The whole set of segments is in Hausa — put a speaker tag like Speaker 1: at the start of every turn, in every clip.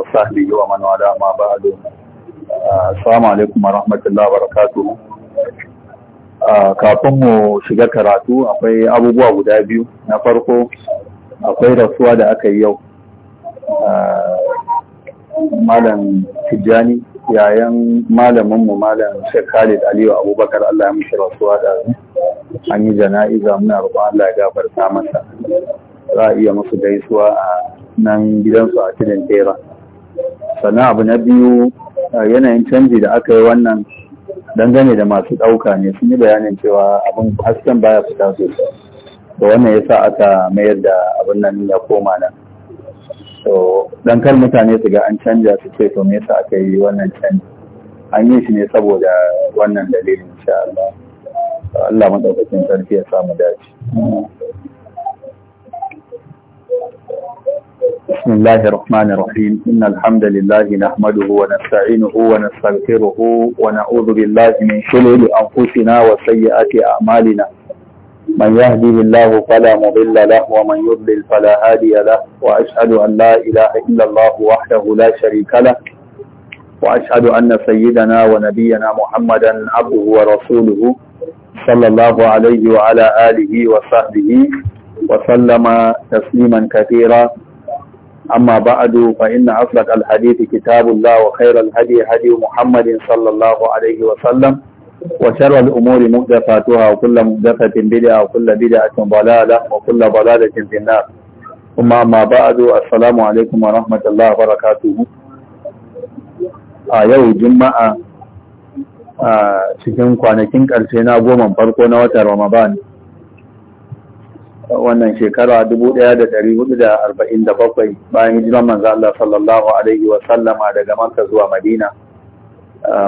Speaker 1: وصحبه ومن والاه ما بعد السلام alaikum warahmatullahi wabarakatuh kafin mu shiga karatu akwai abubuwa guda biyu na farko akwai rasuwa da aka yi yau
Speaker 2: malam
Speaker 1: tijjani yayan malaminmu malam shek Khalid Aliyu Abubakar Allah ya mishi rasuwa da an yi jana'iza muna roƙon Allah ya gafarta masa za a iya musu gaisuwa a nan gidansu a cikin tera sannan abu na biyu yanayin canji da aka yi wannan dangane da masu ɗauka ne sun yi bayanin cewa abin hasken baya fita sosai da wannan yasa aka mayar da abin nan ya koma nan so dan kar mutane su ga an canja su ce to me yasa aka yi wannan canji an yi shi ne saboda wannan
Speaker 2: dalilin insha Allah
Speaker 1: Allah madaukakin sarki ya samu dace بسم الله الرحمن الرحيم إن الحمد لله نحمده ونستعينه ونستغفره ونعوذ بالله من شرور أنفسنا وسيئات أعمالنا من يهده الله فلا مضل له ومن يضلل فلا هادي له وأشهد أن لا إله إلا الله وحده لا شريك له وأشهد أن سيدنا ونبينا محمدا عبده ورسوله صلى الله عليه وعلى آله وصحبه وسلم تسليما كثيرا أما بعد فإن أصدق الحديث كتاب الله وخير الهدي هدي محمد صلى الله عليه وسلم وشر الأمور محدثاتها وكل محدثة بدعة وكل بدعة ضلالة وكل ضلالة في النار ثم أما بعد السلام عليكم ورحمة الله وبركاته آيو جمعة cikin kwanakin ƙarshe na goma farko na watan Ramadan 2023 wannan shekara dubu ɗaya da da arba'in da bayan hijiran manzo Allah sallallahu alaihi wa sallama daga Makka zuwa Madina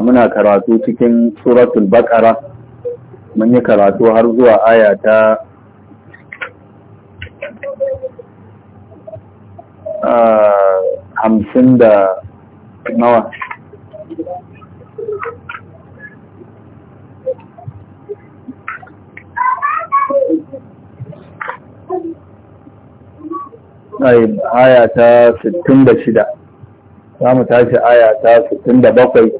Speaker 1: muna karatu cikin suratul Baqara mun yi karatu har zuwa aya ta hamsin da nawa aya ta 66 za mu tashi ayata aya da bakwai,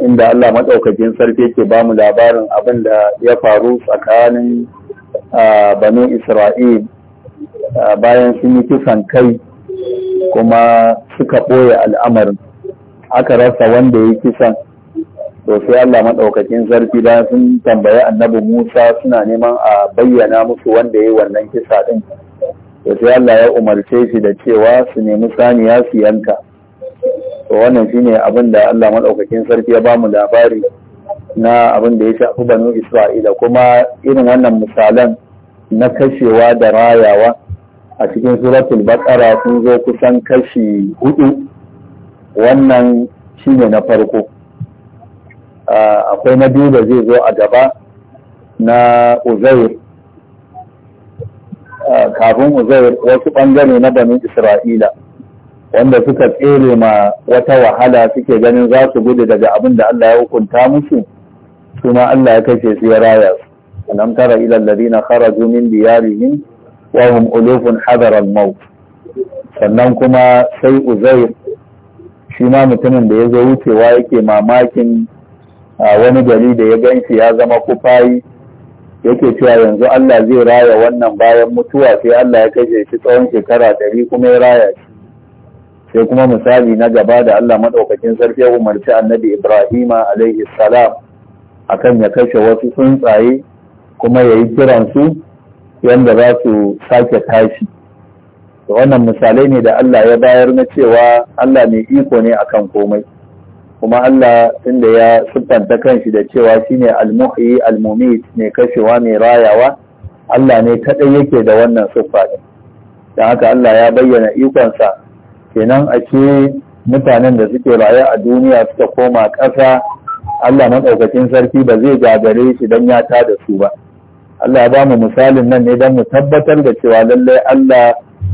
Speaker 1: inda Allah maɗaukakin sarki ke ba mu labarin abin da ya faru tsakanin banu Isra'il bayan sun yi kisan kai kuma suka ɓoye al'amarin aka rasa wanda ya kisan to sai Allah maɗaukakin sarki da sun tambayi annabi Musa suna neman a bayyana musu wanda ya yi wannan kisa ɗin. to sai Allah ya umarce shi da cewa su nemi saniya su yanka to wannan shine abin da Allah maɗaukakin sarki ya bamu labari na abin da ya shafi banu Isra'ila kuma irin wannan misalan na kashewa da rayawa a cikin suratul baqara sun zo kusan kashi hudu wannan shine na farko ah, akwai na biyu da zai zo a gaba na uzair kafin uzair wasu ɓangare na banin isra'ila wanda suka tsere ma wata wahala suke ganin za su gudu daga abin da Allah ya hukunta musu su ma Allah ya kashe su ya raya su alam tara ila alladhina kharaju min diyarihim wa hum ulufun hadar al sannan kuma sai uzair shi ma mutumin da ya zo wucewa yake mamakin wani gari da ya ganshi ya zama kufayi yake cewa yanzu Allah zai raya wannan bayan mutuwa sai Allah ya kashe shi tsawon shekara ɗari kuma ya raya shi sai kuma misali na gaba da Allah maɗaukakin sarki ya umarci annabi Ibrahima alaihi salam akan ya kashe wasu tsuntsaye kuma ya yi kiransu yadda za su sake tashi wannan misalai ne da Allah ya bayar na cewa Allah mai iko ne akan komai kuma Allah tunda ya siffanta kanshi da cewa shine al-muhyi al-mumit mai kashewa mai rayawa Allah ne kadai yake da wannan siffa din dan haka Allah ya bayyana ikonsa kenan a ce mutanen da suke raye a duniya suka koma ƙasa Allah maɗaukacin sarki ba zai gagare shi don ya da su ba Allah ya bamu misalin nan ne don mu tabbatar da cewa lallai Allah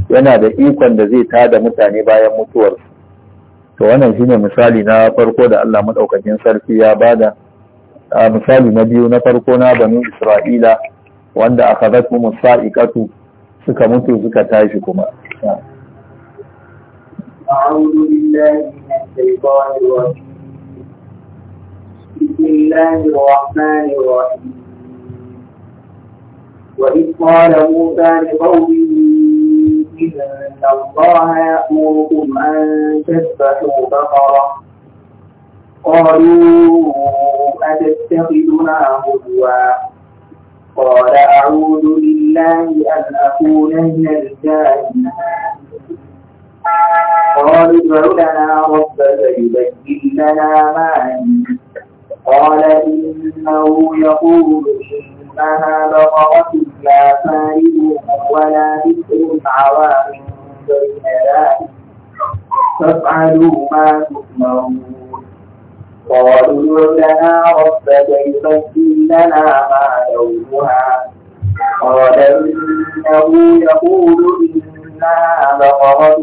Speaker 1: yana da ikon da zai tada mutane bayan mutuwarsu to wannan shine misali na farko da Allah madaukakin sarki ya bada misali na biyu na farko na banu Isra'ila wanda aka zaku musaiqatu suka mutu suka tashi kuma
Speaker 3: أعوذ بالله من الشيطان الرجيم بسم الله الرحمن الرحيم وإذ قال موسى لقومه إن الله يأمركم أن تذبحوا بقرة قالوا أتتخذنا هزوا قال أعوذ بالله أن أكون من الجاهلين قالوا ادع لنا ربك يبين لنا ما هي قال إنه يقول إنها بقرة لا فارغ ولا ذكر عوام بين ذلك فافعلوا ما تؤمرون قالوا لنا ربك يبدل لنا ما لونها قال إنه يقول إنها بقرة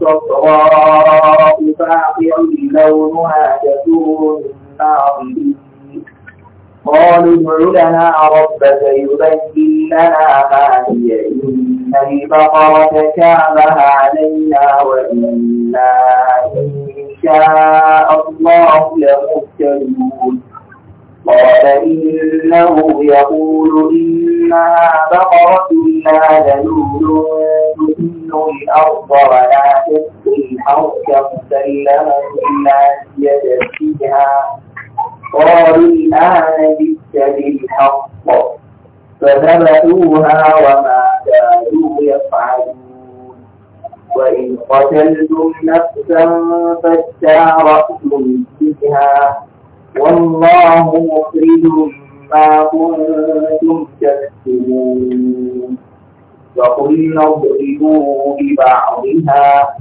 Speaker 3: صفراء فاقع لونها تسر الناظرين قالوا ادع لنا ربك يبين لنا ما هي إن البقرة كامها علينا وإنا إن شاء الله لمهتدون قال إنه يقول إنها بقرة لا ذلول تثن الأرض ولا تسقي الحرث مسلمة إلا هي فيها قالوا الآن جئت بالحق فنبذوها وما كانوا يفعلون وإن قتلتم نفسا فادارأتم فيها والله مخرج ما كنتم تكتمون فقلنا اضربوه ببعضها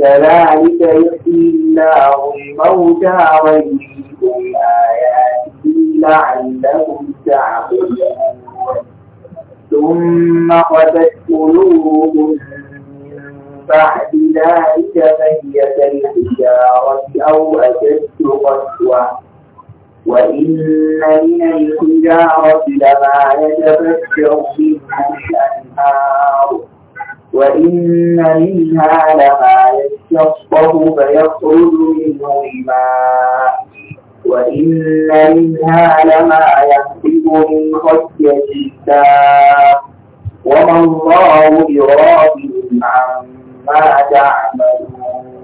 Speaker 3: كذلك يحيي الله الموتى ويريكم آياته لعلهم تعقلون ثم قست قلوبهم بعد ذلك فهي كالحجارة أو أشد قسوة وإن من الحجارة لما يتفجر منه الأنهار وإن منها لما يستشقه فيخرج منه الماء وإن منها لما يهبط من خشية الله وما الله بغافل
Speaker 2: عما
Speaker 3: تعملون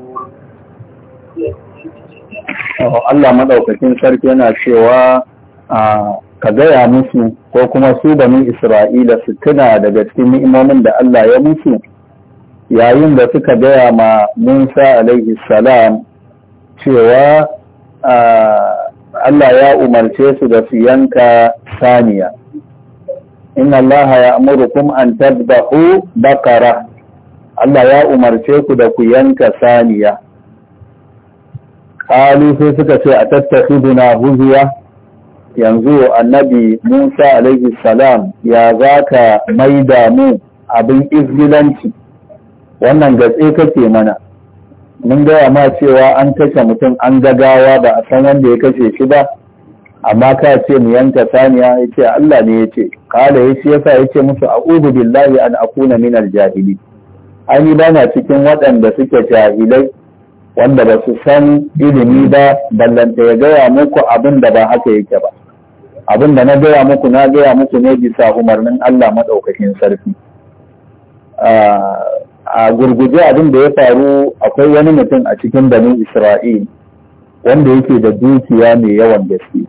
Speaker 1: Allah madaukakin sarki yana cewa ka gaya musu ko kuma su bani Isra'ila su tuna daga cikin ni'imomin da Allah ya musu yayin da suka gaya ma Musa alaihi salam cewa Allah ya umarce su da su yanka saniya. Inna Allah ya amurukum an tadbahu bakara. Allah ya umarce ku da ku yanka saniya. Kalu sai suka ce a tattafi huzuwa. yanzu annabi Musa alaihi salam ya za ka maida mu abin izgilanci wannan gatse kake mana mun gaya ma cewa an kashe mutum an gagawa ba a san wanda ya kashe shi ba amma ka ce mu yanka saniya ya ce Allah ne ya ce kala ya ce yasa ya ce musu a'udhu billahi an akuna min al-jahili an yi bana cikin waɗanda suke jahilai wanda ba su san ilimi ba ballanta ya gaya muku abin da ba haka yake ba abin da na gaya muku na gaya muku ne bisa umarnin Allah maɗaukakin sarfi. a gurguje abin da ya faru akwai wani mutum a cikin danin Isra'il wanda yake da dukiya mai yawan gaske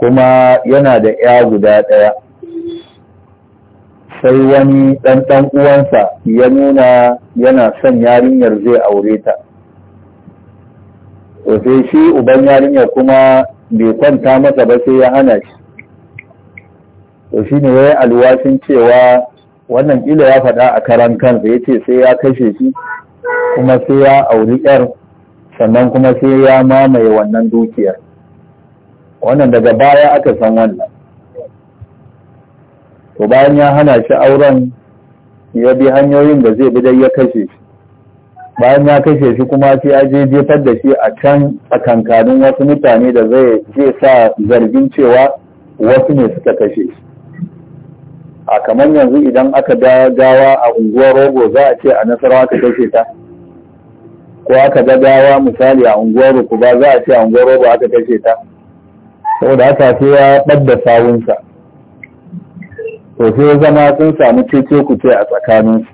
Speaker 1: kuma yana da ya guda ɗaya sai wani ɗan uwansa ya nuna yana son yarinyar zai aure ta sai shi uban yarinyar kuma bai kwanta masa ba sai ya hana shi to shi ne yayi alwashin cewa wannan ila ya faɗa a karan kansa ya ce sai ya kashe shi kuma sai ya auri yar sannan kuma sai ya mamaye wannan dukiyar wannan daga baya aka san wannan to bayan ya hana shi auren ya bi hanyoyin da zai bi dai ya kashe shi bayan ya kashe shi kuma sai ya je jefar da shi a can a kankanin wasu mutane da zai je sa zargin cewa wasu ne suka kashe shi a kamar yanzu idan aka gawa a unguwar rogo za a ce a nasarawa aka kashe ta ko aka ga gawa misali a unguwar rukuba za a ce a unguwar rogo aka kashe ta saboda haka sai ya ɓadda sawunsa to sai zama sun samu ku ce a tsakaninsu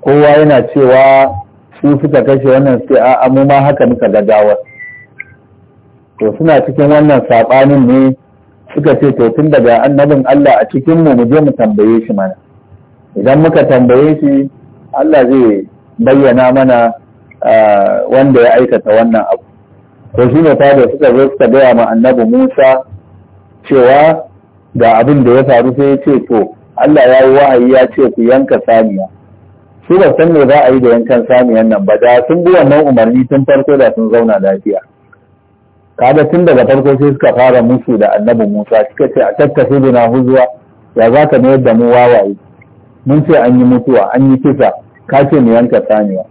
Speaker 1: kowa yana cewa su suka kashe wannan sai a mu ma haka muka ga gawar to suna cikin wannan saɓanin ne suka ce to tun daga annabin Allah a cikin mu mu je mu tambaye shi mana idan muka tambaye shi Allah zai bayyana mana wanda ya aikata wannan abu to shi ne da suka zo suka gaya ma annabi Musa cewa ga abin da ya faru sai ya ce to Allah ya yi wahayi ya ce ku yanka saniya su ba san me za a yi da yankan saniyan nan ba da sun bi wannan umarni tun farko da sun zauna lafiya Kada tun daga farko sai suka fara musu da annabi Musa suka ce a tattafi bina huzuwa ya za ka mayar da mu wawaye mun ce an yi mutuwa an yi kisa ka ce mu yanka saniya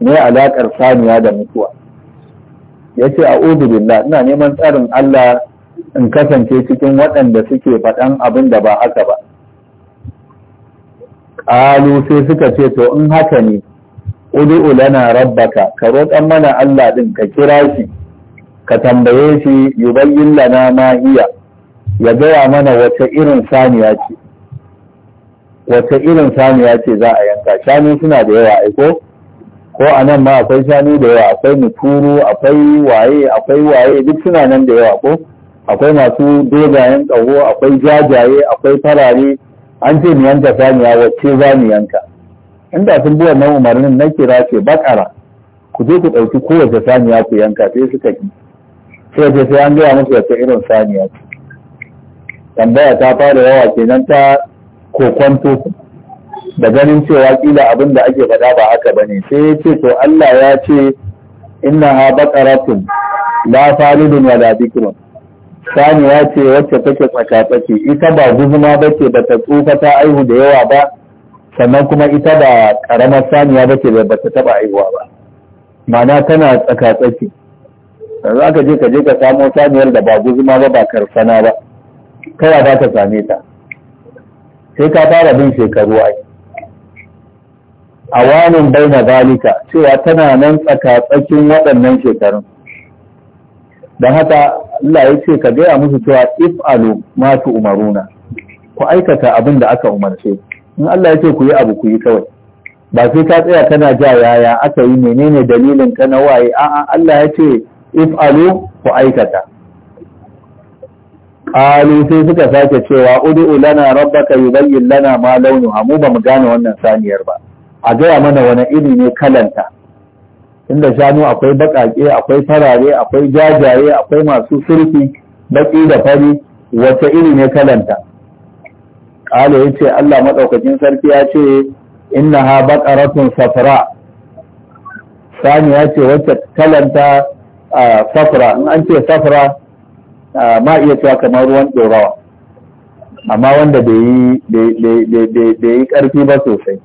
Speaker 1: me alakar saniya da mutuwa ya ce a billah ina neman tsarin Allah in kasance cikin waɗanda suke faɗan abin da ba haka ba qalu sai suka ce to in haka ne ud'u ulana rabbaka ka roƙan mana Allah din ka kira shi ka tambaye shi yubayyin lana ma hiya ya gaya mana wace irin saniya ce wace irin saniya ce za a yanka shanu suna da yawa aiko ko a nan ma akwai shanu da yawa akwai muturu akwai waye akwai waye duk suna nan da yawa ko akwai masu dogayen ƙaho akwai jajaye akwai farare an ce mu yanka saniya wacce za mu yanka inda sun bi nan umarnin na kira ce bakara ku je ku ɗauki kowace saniya ku yanka sai suka ki sai ce sai an gaya musu wacce irin saniya ce tambaya ta fara yawa kenan ta kokwanto da ganin cewa kila abin da ake faɗa ba haka bane sai ya ce to Allah ya ce ha baqaratun la falidun wa la saniya ce wacce take tsakatsaki ita ba guzuma ba ce ba ta tsufa ta aihu da yawa ba sannan kuma ita ba karamar saniya ba ce ba ta taba aihuwa ba mana tana tsakatsaki za ka je ka je ka samo saniyar da ba guzuma ba ba karsana ba kawai za ka same ta sai ka fara bin shekaru yi. a wanin bai na zalika cewa tana nan tsakatsakin waɗannan shekarun don haka Allah ya ce ka gaya musu cewa alu ma umaruna ku aikata abin da aka umarce in Allah ya ce ku yi abu ku yi kawai ba sai ka tsaya kana ja yaya aka yi menene dalilin ka na waye a'a Allah ya ce if'alu ku aikata qalu sai suka sake cewa ud'u lana rabbaka yubayyin lana ma launuha mu ba mu gane wannan saniyar ba a gaya mana wani iri ne kalanta inda shanu akwai baƙaƙe akwai farare akwai jajaye akwai masu surfi baƙi da fari wata iri ne kalanta ƙala ya ce Allah maɗaukacin sarki ya ce inna ha baƙaratun safra sani ya ce wacce kalanta safra in an ce safra ma iya cewa kamar ruwan ɗorawa amma wanda bai yi ƙarfi ba sosai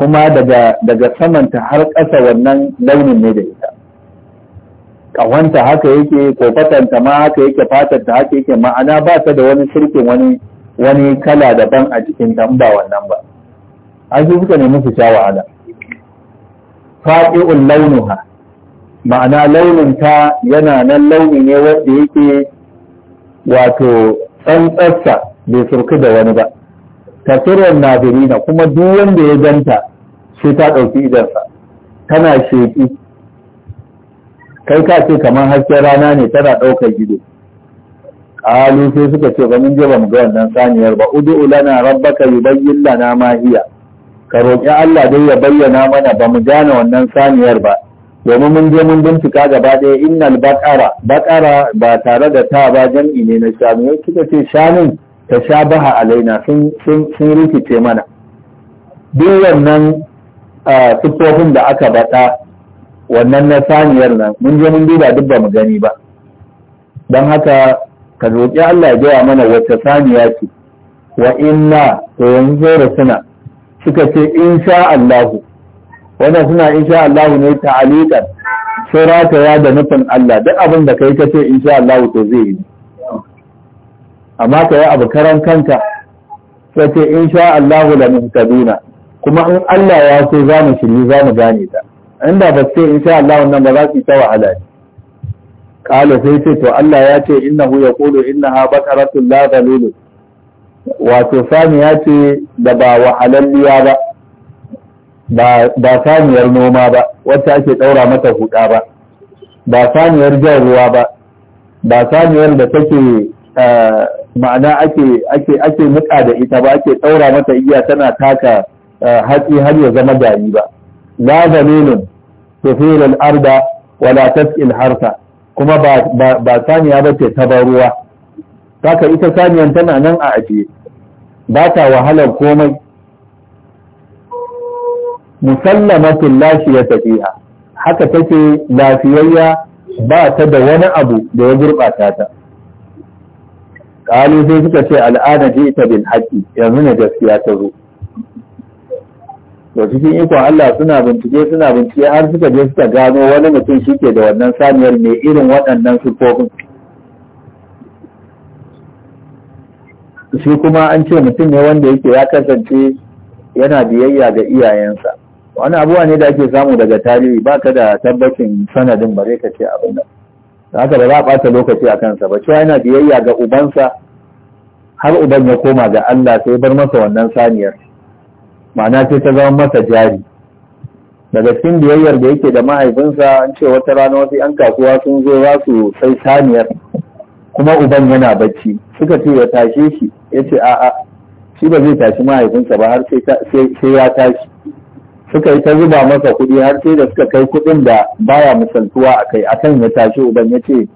Speaker 1: kuma daga daga ta har ƙasa wannan launin ne da ita ƙawanta haka yake kofatanta ma haka yake fatanta haka yake ma'ana ba ta da wani shirkin wani wani kala daban a cikin ta ba wannan ba an su suka nemi su sha wahala fa'i'ul launuha ma'ana launin ta yana nan launi ne wanda yake wato tsantsarsa bai surku da wani ba tasirin nazirina kuma duk wanda ya ganta sai ta ɗauki idansa tana sheƙi kai ka ce kamar hasken rana ne tana ɗaukar gido ƙalu sai suka ce ba mun je ba mu ga wannan saniyar ba udu ulana rabbaka yubayyin lana ma hiya ka roƙi Allah dai ya bayyana mana ba mu gane wannan saniyar ba domin mun je mun bincika gaba ɗaya innal baqara baqara ba tare da ta ba jam'i ne na shanu kika ce shanun ta sha baha alaina sun rikice mana duk wannan siffofin da aka baɗa wannan na saniyar nan mun je mun duba duk ba mu gani ba don haka ka roƙi Allah ya gaya mana wacce saniya ce wa inna to yanzu da suna suka ce insha Allahu wannan suna insha Allahu ne ta'alikan ya da nufin Allah duk abin da kai ce insha Allahu to zai yi amma ka yi abu karan kanka sai ce insha Allahu la muhtaduna kuma in Allah ya so za mu shirye za mu gane ta inda ba in sha Allah wannan ba za su ta wahala ne kala sai ce to Allah ya ce innahu yaqulu innaha baqaratun la dhalul wato sani ya ce da ba wahalalliya ba ba saniyar noma ba wacce ake ɗaura mata huɗa ba ba saniyar jan ruwa ba ba saniyar da take eh, ma'ana ake ake ake da ita ba ake ɗaura mata iya tana taka hatsi har ya zama gari ba la zaminin tufil al-arda wala tasqil harsa kuma ba ba saniya ba ce ta ruwa kaka ita saniyan tana nan a ajiye ba ta wahalar komai musallamatin lafiya tafiya haka take lafiyayya ba ta da wani abu da ya gurɓata ta ƙalu sai suka ce al'ada ji ita bil haƙƙi yanzu ne gaskiya ta zo to cikin ikon Allah suna bincike suna bincike har suka je suka gano wani mutum shi da wannan saniyar mai irin waɗannan siffofin shi kuma an ce mutum ne wanda yake ya kasance yana biyayya ga iyayensa wani abuwa ne da ake samu daga tarihi ba ka da tabbacin sanadin bare ka ce abin nan haka ba za a ɓata lokaci a kansa ba cewa yana biyayya ga ubansa har uban ya koma ga Allah sai bar masa wannan saniyar ma'ana sai ta zama masa jari daga cikin biyayyar da yake da mahaifinsa an ce wata rana wasu 'yan kasuwa sun zo za su sai saniyar kuma uban yana bacci suka ce ya tashe shi ya ce a'a shi ba zai tashi mahaifinsa ba har sai ya tashi suka yi ta zuba masa kuɗi har sai da suka kai kuɗin da baya misaltuwa a kai akan ya tashi uban ya ce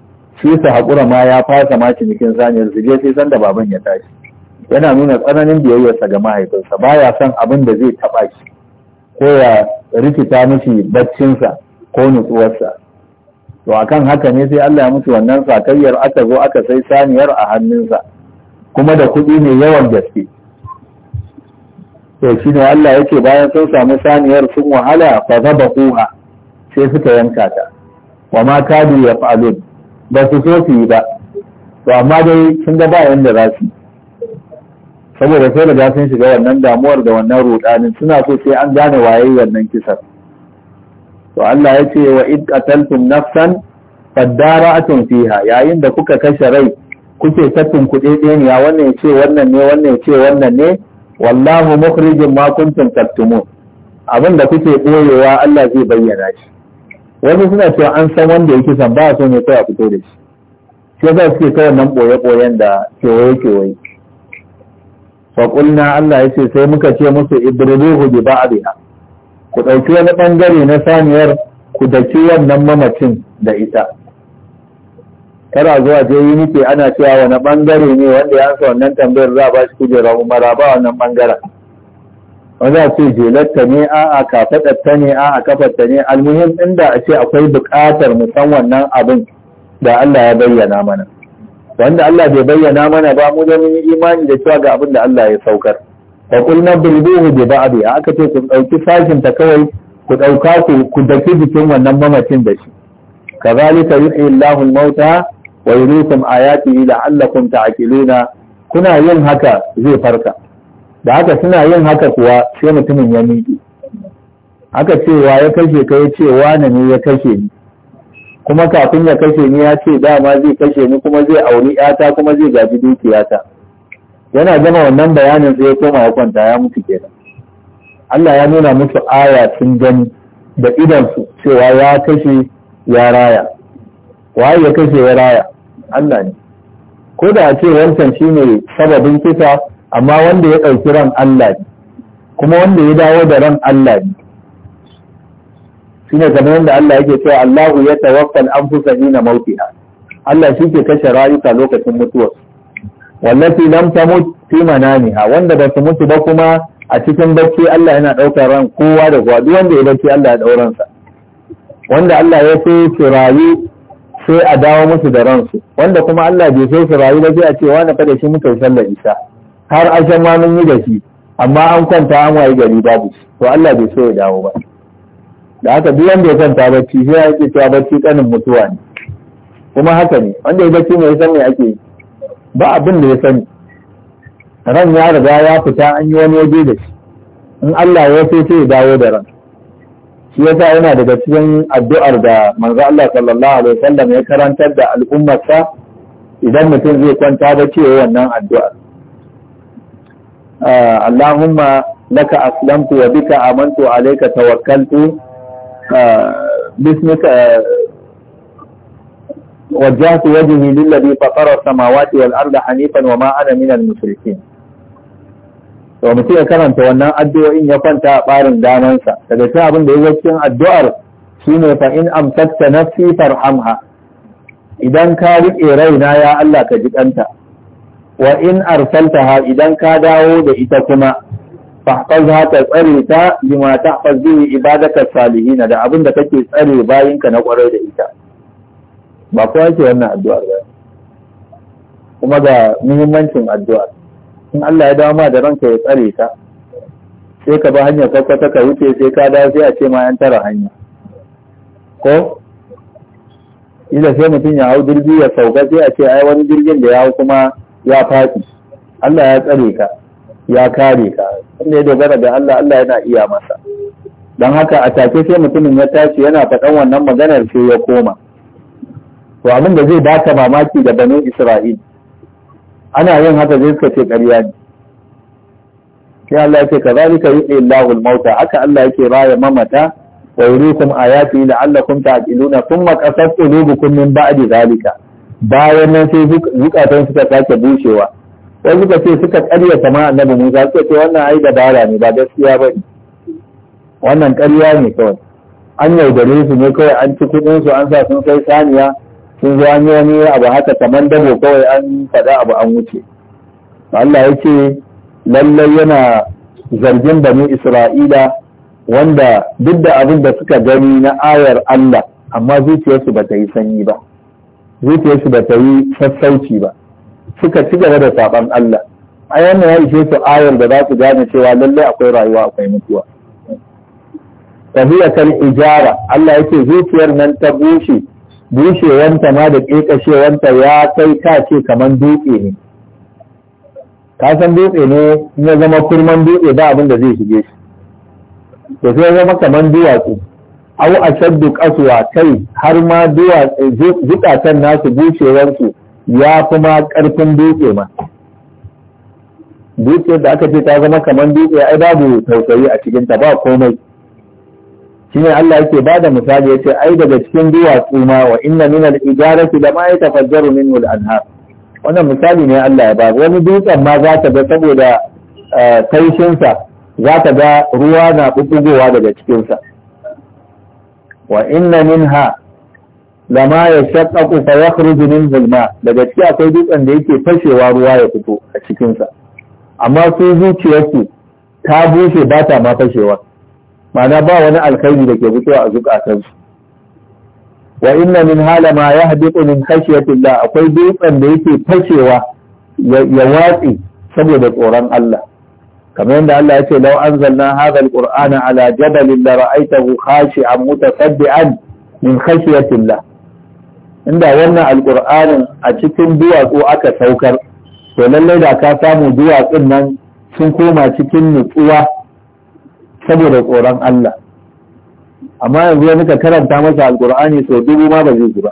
Speaker 1: shi su haƙura ma ya fasa ma cinikin saniyar su je sai sanda baban ya tashi yana nuna tsananin biyayyarsa ga mahaifinsa baya son abin da zai taɓa shi ko ya rikita mishi baccinsa ko nutsuwarsa to akan haka ne sai Allah ya mutu wannan sakayyar aka zo aka sai saniyar a hannunsa
Speaker 2: kuma da kuɗi
Speaker 1: ne yawan gaske to shine Allah yake bayan sun samu saniyar sun wahala fa zabahuha sai suka yanka ta wa ma kadu yaf'alun ba su so su yi ba to amma dai sun ga ba yanda za su yi saboda sai da sun shiga wannan damuwar da wannan rudanin suna so sai an gane waye wannan kisar to Allah ya ce wa id qataltum nafsan fadara'atun fiha yayin da kuka kashe rai kuke tattun kuɗe ɗeniya wannan ya ce wannan ne wannan ya ce wannan ne wallahu mukhrijum ma kuntum taktumun abin da kuke ɓoyewa Allah zai bayyana shi wasu suna cewa an san wanda yake san ba so ne kai a fito da shi sai za su ke ta wannan ɓoye-ɓoyen da kewaye-kewaye faƙulna Allah ya ce sai muka ce musu idribuhu bi ba'diha ku ɗauki wani ɓangare na saniyar ku daki wannan mamacin da ita kada zuwa je yi nike ana cewa wani ɓangare ne wanda ya ansa wannan tambayar za a ba shi kujera umara ba wannan ɓangaren wanda a ce jelatta ne a'a kafaɗatta ne a'a kafatta ne almuhim inda a ce akwai buƙatar mu san wannan abin da Allah ya bayyana mana wanda Allah bai bayyana mana ba mu da mun imani da cewa ga abin da Allah ya saukar fa qulna bilbuhu bi ba'di aka ce ku dauki sashin ta kawai ku dauka ku ku daki jikin wannan mamacin da shi kazalika yuhyi Allahu al-mauta wa yuriikum ayatihi la'allakum ta'qiluna kuna yin haka zai farka da haka suna yin haka kuwa sai mutumin ya miƙe haka cewa ya kashe ka ya ce wane ne ya kashe ni kuma kafin ya kashe ni ya ce dama zai kashe ni kuma zai auri yata kuma zai gaji dukiyata yana gama wannan bayanin sai ya koma ya kwanta ya mutu kenan Allah ya nuna musu aya sun gani da su cewa ya kashe ya raya waye ya kashe ya raya Allah ne ko da ce wancan shine sababin kisa amma wanda ya ɗauki ran Allah ne kuma wanda ya dawo da ran Allah ne shine kamar yadda Allah yake cewa Allahu ya tawaffal anfusa hina mautiha Allah shi ke kashe rayuka lokacin mutuwar wallati lam tamut fi manamiha wanda ba su mutu ba kuma a cikin bacci Allah yana ɗaukar ran kowa da kowa duk wanda ya bacci Allah ya ɗauran sa wanda Allah ya so su rayu sai a dawo musu da ransu wanda kuma Allah bai so su rayu ba sai a ce wani kada shi muka sallar isa har ashen ma mun yi da shi amma an kwanta an wayi gari babu to Allah bai so ya dawo ba da haka duk wanda ya kwanta bacci sai ya ce cewa bacci kanin mutuwa ne kuma haka ne wanda ya bacci mai san me ake ba abin da ya sani ran ya riga ya fita an yi wani waje da shi in Allah ya so sai ya dawo da ran shi yasa yana daga cikin addu'ar da manzo Allah sallallahu alaihi wasallam ya karantar da al'ummarsa idan mutum zai kwanta bacci ya wannan addu'ar ah, Allahumma laka aslamtu wa bika amantu alayka tawakkaltu باسمك وجهت وجهي للذي فطر السماوات والأرض حنيفا وما أنا من المشركين to mutum ya karanta wannan addu'o'in ya kwanta a ɓarin damansa. daga cikin abin da ya cikin addu'ar shine fa in na nafsi farhamha idan ka riƙe raina ya Allah ka ji ɗanta. wa in arsaltaha idan ka dawo da ita kuma fahfazha ta tsare ta bima tahfaz bihi ibadaka salihin da abin da kake tsare bayinka na kwarai da ita ba kowa yake wannan addu'ar ba kuma ga muhimmancin addu'ar in Allah ya dama ma da ranka ya tsare ta sai ka ba hanyar ta ka wuce sai ka dawo sai a ce ma yan tara hanya ko ila sai mutum ya hau jirgi ya sauka sai a ce ai wani jirgin da ya hau kuma ya faɗi Allah ya tsare ka ya kare ka wanda ya dogara ga Allah Allah yana iya masa don haka a take sai mutumin ya tashi yana faɗan wannan maganar sai ya koma to abin da zai baka mamaki ga banin Isra'il ana yin haka zai suka ce ƙarya ne sai Allah ya ce ka zalika yu'i Allahu al-mauta haka Allah yake raya mamata wa yurikum ayati la'allakum ta'qiluna thumma qasat qulubukum min ba'di zalika bayan nan sai zukatan suka sake bushewa wani suka ce suka karya sama annabi Musa suka ce wannan ai dabara ne ba gaskiya ba ne wannan karya ne kawai an yaudare su ne kawai an ci kuɗin su an sa sun kai saniya sun zo an yi wani abu haka kamar dabo kawai an faɗa abu an wuce Allah ya ce lallai yana zargin bani Isra'ila wanda duk da abin da suka gani na ayar Allah amma zuciyarsu ba ta yi sanyi ba zuciyarsu ba ta yi sassauci ba suka ci gaba da saban Allah a wannan ya ishe su ayar da za su gane cewa lalle akwai rayuwa akwai mutuwa tafiya kan ijara Allah yake zuciyar nan ta bushe bushewanta ma da kekashewanta ya kai ta ce kamar dutse ne ka san dutse ne ya zama kurman dutse ba abin da zai shige shi to sai zama kamar duwatsu au shaddu qaswa kai har ma duwatsu zuƙatan nasu bushewarsu ya kuma ƙarfin dutse ma dutse da aka ce ta zama kamar dutse ai babu tausayi a cikin ta ba komai shine Allah yake ba da misali yace ai daga cikin duwatsu ma wa inna min al-ijarati lama yatafajjaru min al-anhar wannan misali ne Allah ya ba wani dutsen ma za ta ga saboda taushin eh, sa za ta ga ruwa na bubbugowa daga cikin sa wa inna minha lama ya shaqqaqu fa yakhruju minhu al-ma daga ciki akwai dutsen da yake fashewa ruwa ya fito a cikinsa, amma su zuciyarsu ta bushe ba ta ma fashewa ma'ana ba wani alkhairi da ke fitowa a zukatansu wa inna min halama ya yahbitu min khashyatillah akwai dutsen da yake fashewa ya watsi saboda tsoron Allah kamar yadda Allah ya ce law anzalna hadha alqur'ana ala jabalin la ra'aytahu khashi'an mutasaddian min khashyatillah inda wannan alƙur'anin a cikin duwatsu aka saukar to lallai da ka samu duwatsun nan sun koma cikin nutsuwa saboda tsoron Allah amma yanzu wani ka karanta masa alƙur'ani sau dubu ma ba zai ji ba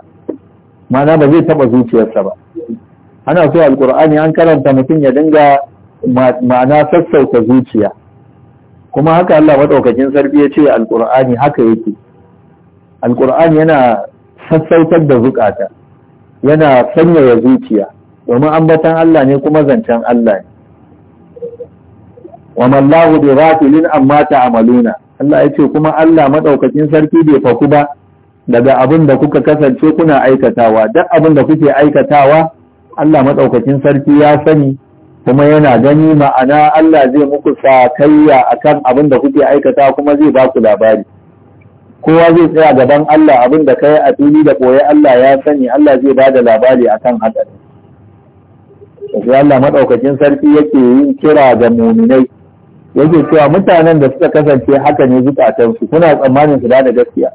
Speaker 1: mana ba zai taɓa zuciyarsa ba ana so alƙur'ani an karanta mutum ya dinga ma'ana sassauta zuciya kuma haka Allah maɗaukakin sarki ya ce alƙur'ani haka yake alƙur'ani yana sassautar da zukata yana sanyaya zuciya domin ambatan Allah ne kuma zancen Allah ne wa mallahu bi ghafilin amma ta'maluna Allah ya ce kuma Allah madaukakin sarki bai faku ba daga abin da kuka kasance kuna aikatawa duk abin da kuke aikatawa Allah madaukakin sarki ya sani kuma yana gani ma'ana Allah zai muku sakayya akan abin da kuke aikata kuma zai ba ku labari kowa zai tsaya gaban Allah abin da kai a fili da koyi Allah ya sani Allah zai ba da labari akan hakan sai Allah madaukakin sarki yake yin kira ga muminai yake cewa mutanen da suka kasance haka ne su kuna tsammanin su da gaskiya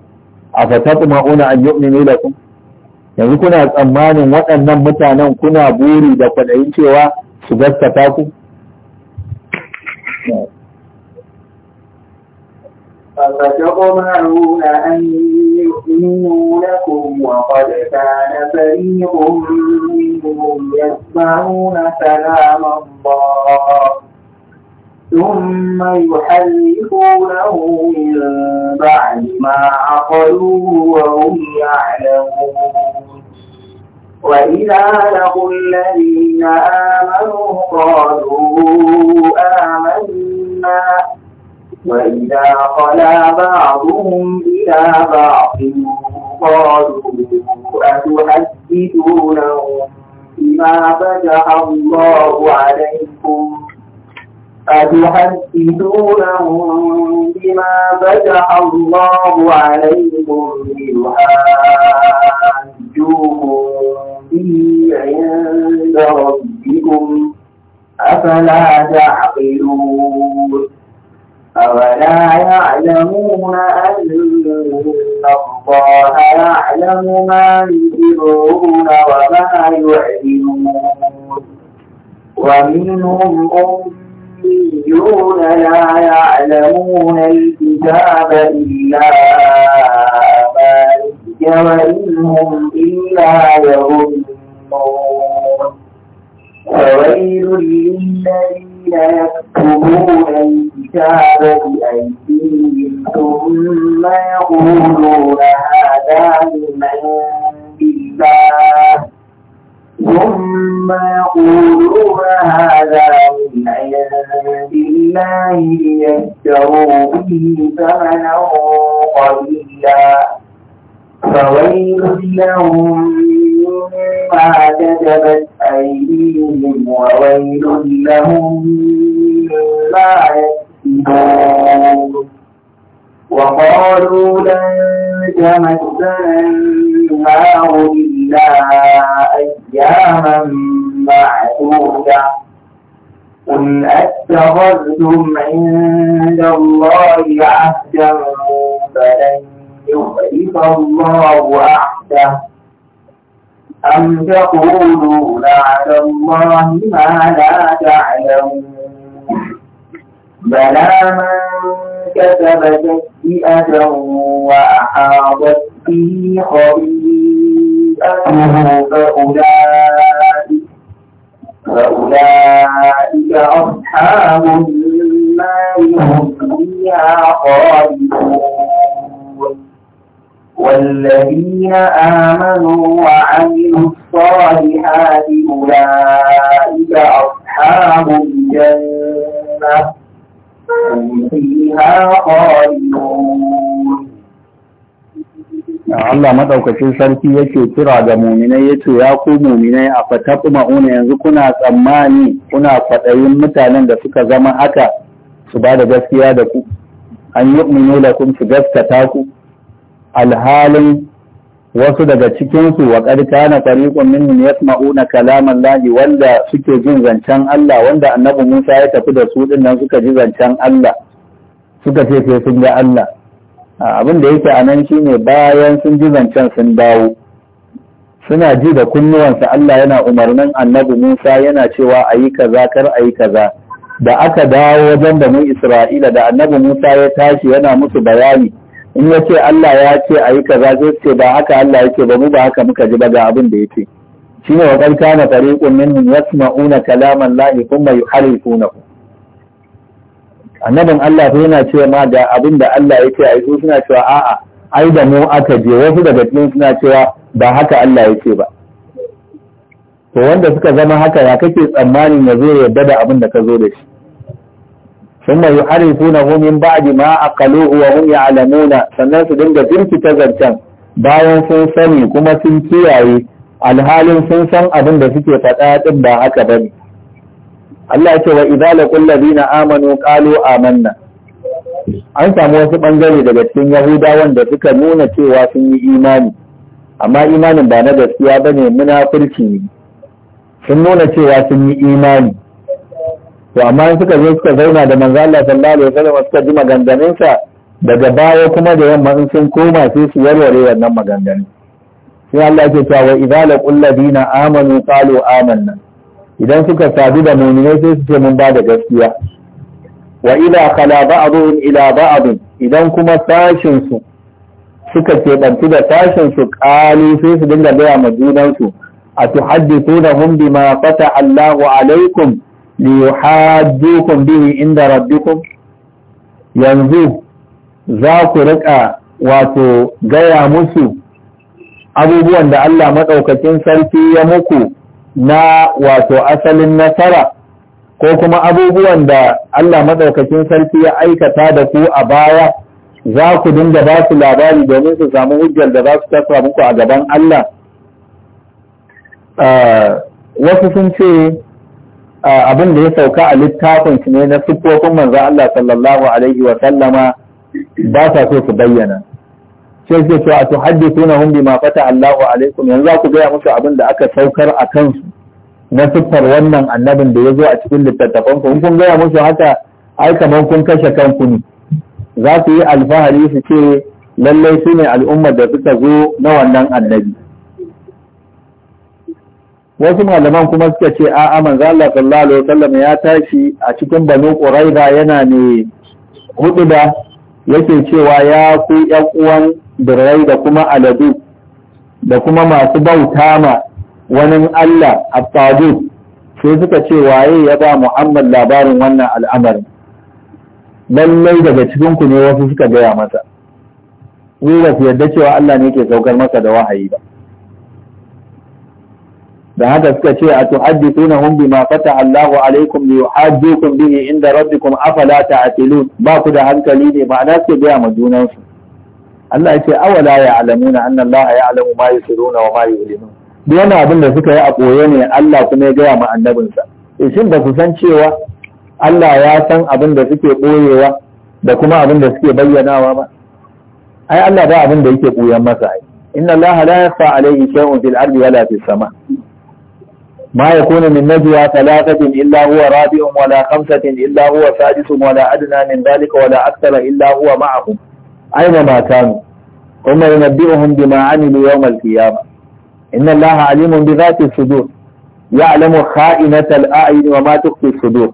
Speaker 1: a fatatma'una an yu'minu lakum yanzu kuna tsammanin waɗannan mutanen kuna buri da kwaɗayin cewa su gaskata ku
Speaker 3: أفتطمعون أن يؤمنوا لكم وقد كان فريق منهم يسمعون كلام الله ثم يحرفونه من بعد ما عقلوه وهم يعلمون وإذا لقوا الذين آمنوا قالوا آمنا وإذا خلا بعضهم إلى بعض قالوا أتحدثونهم بما فتح الله عليكم أتحدثونهم بما فتح الله عليكم ليحاجوكم به عند ربكم أفلا تعقلون
Speaker 2: أولا يعلمون أن
Speaker 3: الله يعلم ما يسرون وما يعلنون ومنهم أميون لا يعلمون الكتاب إلا أماني وإنهم إلا يظنون
Speaker 2: فويل
Speaker 3: للذين يكتبون الكتاب بأيديهم ثم يقولون هذا من عند الله ثم يقولون هذا من عند الله ليشتروا به ثمنا قليلا فويل لهم مما كتبت أيديهم وويل لهم مما يكسبون وقالوا لن تمسنا النار إلا أياما معدودة قل أتخذتم عند الله عهدا فلن يخلف الله عهده أم تقولون على الله ما لا تعلمون بلى من كسب سيئة وأحاطت به خطيئته فأولئك فأولئك أصحاب النار هم فيها خالدون والذين آمنوا وعملوا الصالحات أولئك أصحاب الجنة هم فيها خالدون
Speaker 2: Allah
Speaker 1: maɗaukacin sarki yake kira ga muminai yace ya ku muminai a kuma una yanzu kuna tsammani kuna kwaɗayin mutanen da suka zama haka su ba da gaskiya da ku an yi da kun su gaskata ku alhalin wasu daga cikinsu wa ƙarƙa ƙarƙana ne ya yasma'una kalaman lahi wanda suke jin zancen Allah wanda annabi Musa ya tafi da su din nan suka ji zancen Allah suka ce sai sun ga Allah abin da yake a nan shine bayan sun ji zancen sun dawo suna ji da kunnuwansa Allah yana umarnin annabi Musa yana cewa ayi kaza kar ayi kaza da aka dawo wajen da mu Isra'ila da annabi Musa ya tashi yana musu bayani in ya ce Allah ya ce a yi kaza zai ce ba haka Allah yake ba mu ba haka muka ji ba ga abin da yake shi ne wa ƙarƙa na fariƙun minhum yasma'una kalaman lahi kuma yuharifunahu annabin Allah sai yana cewa ma ga abin da Allah yake a su suna cewa a'a ai da mu aka je wasu daga cikin suna cewa ba haka Allah yake ba to wanda suka zama haka ya kake tsammanin ya zo yarda da abin da ka zo da shi ثم يحرفونه من بعد ما أقلوه وهم يعلمون sannan su dinga jirkita zancen bayan sun sani kuma sun kiyaye alhalin sun san abin da suke faɗa ɗin ba haka ba ne Allah ya ce wa idza laqul ladina amanu qalu amanna an samu wasu ɓangare daga cikin yahudawan da suka nuna cewa sun yi imani amma imanin ba na gaskiya bane munafurci ne sun nuna cewa sun yi imani to amma in suka zo suka zauna da manzo Allah sallallahu alaihi wasallam suka ji maganganun sa daga baya kuma da yamma in sun koma sai su warware wannan maganganun sai Allah yake ta wa idza laqul ladina amanu qalu amanna idan suka sadu da mu'minai sai su ce mun ba da gaskiya wa idza khala ba'dhum ila ba'd idan kuma sashin su suka keɓanci da sashin su ƙalu sai su dinga gaya ma junansu a tuhaddithunahum bima fata Allahu alaikum liyuhajjukum bihi inda rabbikum yanzu za ku rika wato gaya musu abubuwan da Allah madaukakin sarki ya muku na wato asalin nasara ko kuma abubuwan da Allah maɗaukacin sarki ya aikata da ku a baya za ku dinga ba su labari domin su samu hujjar da za su tafa muku a gaban Allah. Wasu sun ce abin da ya sauka a littafin su ne na siffofin manzo Allah sallallahu alaihi wa sallama ba sa so su bayyana sai sai cewa to haddithuna hum bima fata Allahu alaikum yanzu ku ga musu abin da aka saukar a kansu na siffar wannan annabin da ya zo a cikin littattafan ku kun gaya musu haka ai kamar kun kashe kanku ne za su yi alfahari su ce lallai su ne al'ummar da suka zo na wannan annabi wasu malaman kuma suka ce a'a manzo Allah sallallahu alaihi wasallam ya tashi a cikin Banu Quraiza yana ne da yake cewa ya ku ƴan uwan birrai da kuma aladu da kuma masu bauta ma wani Allah abadu sai suka ce waye ya ba Muhammad labarin wannan al'amarin lallai daga cikin ku ne wasu suka gaya masa ni ba su yarda cewa Allah ne ke saukar masa da wahayi ba da haka suka ce a tuhaddithunahum bima fataha Allahu alaikum li yuhajjukum bihi inda rabbikum afala ta'qilun ba ku da hankali ne ma'ana suke gaya ma junan su Allah ya ce awala ya'lamuna anna Allah ya'lamu ma yusiruna wa ma yu'linun duk wani abin da suka yi a koye ne Allah kuma ya gaya ma annabinsa eh, shin ba ku san cewa Allah ya san abin da suke boyewa da kuma abin da suke bayyanawa ba ai Allah ba abin da yake koyan masa ai inna Allah la yakhfa alayhi shay'un fil ardi wala fis sama' ما يكون من نجوى ثلاثة إلا هو رابع ولا خمسة إلا هو سادس ولا أدنى من ذلك ولا أكثر إلا هو معهم أينما كانوا ثم ينبئهم بما عملوا يوم القيامة إن الله عليم بذات الصدور يعلم خائنة الأعين وما تخفي الصدور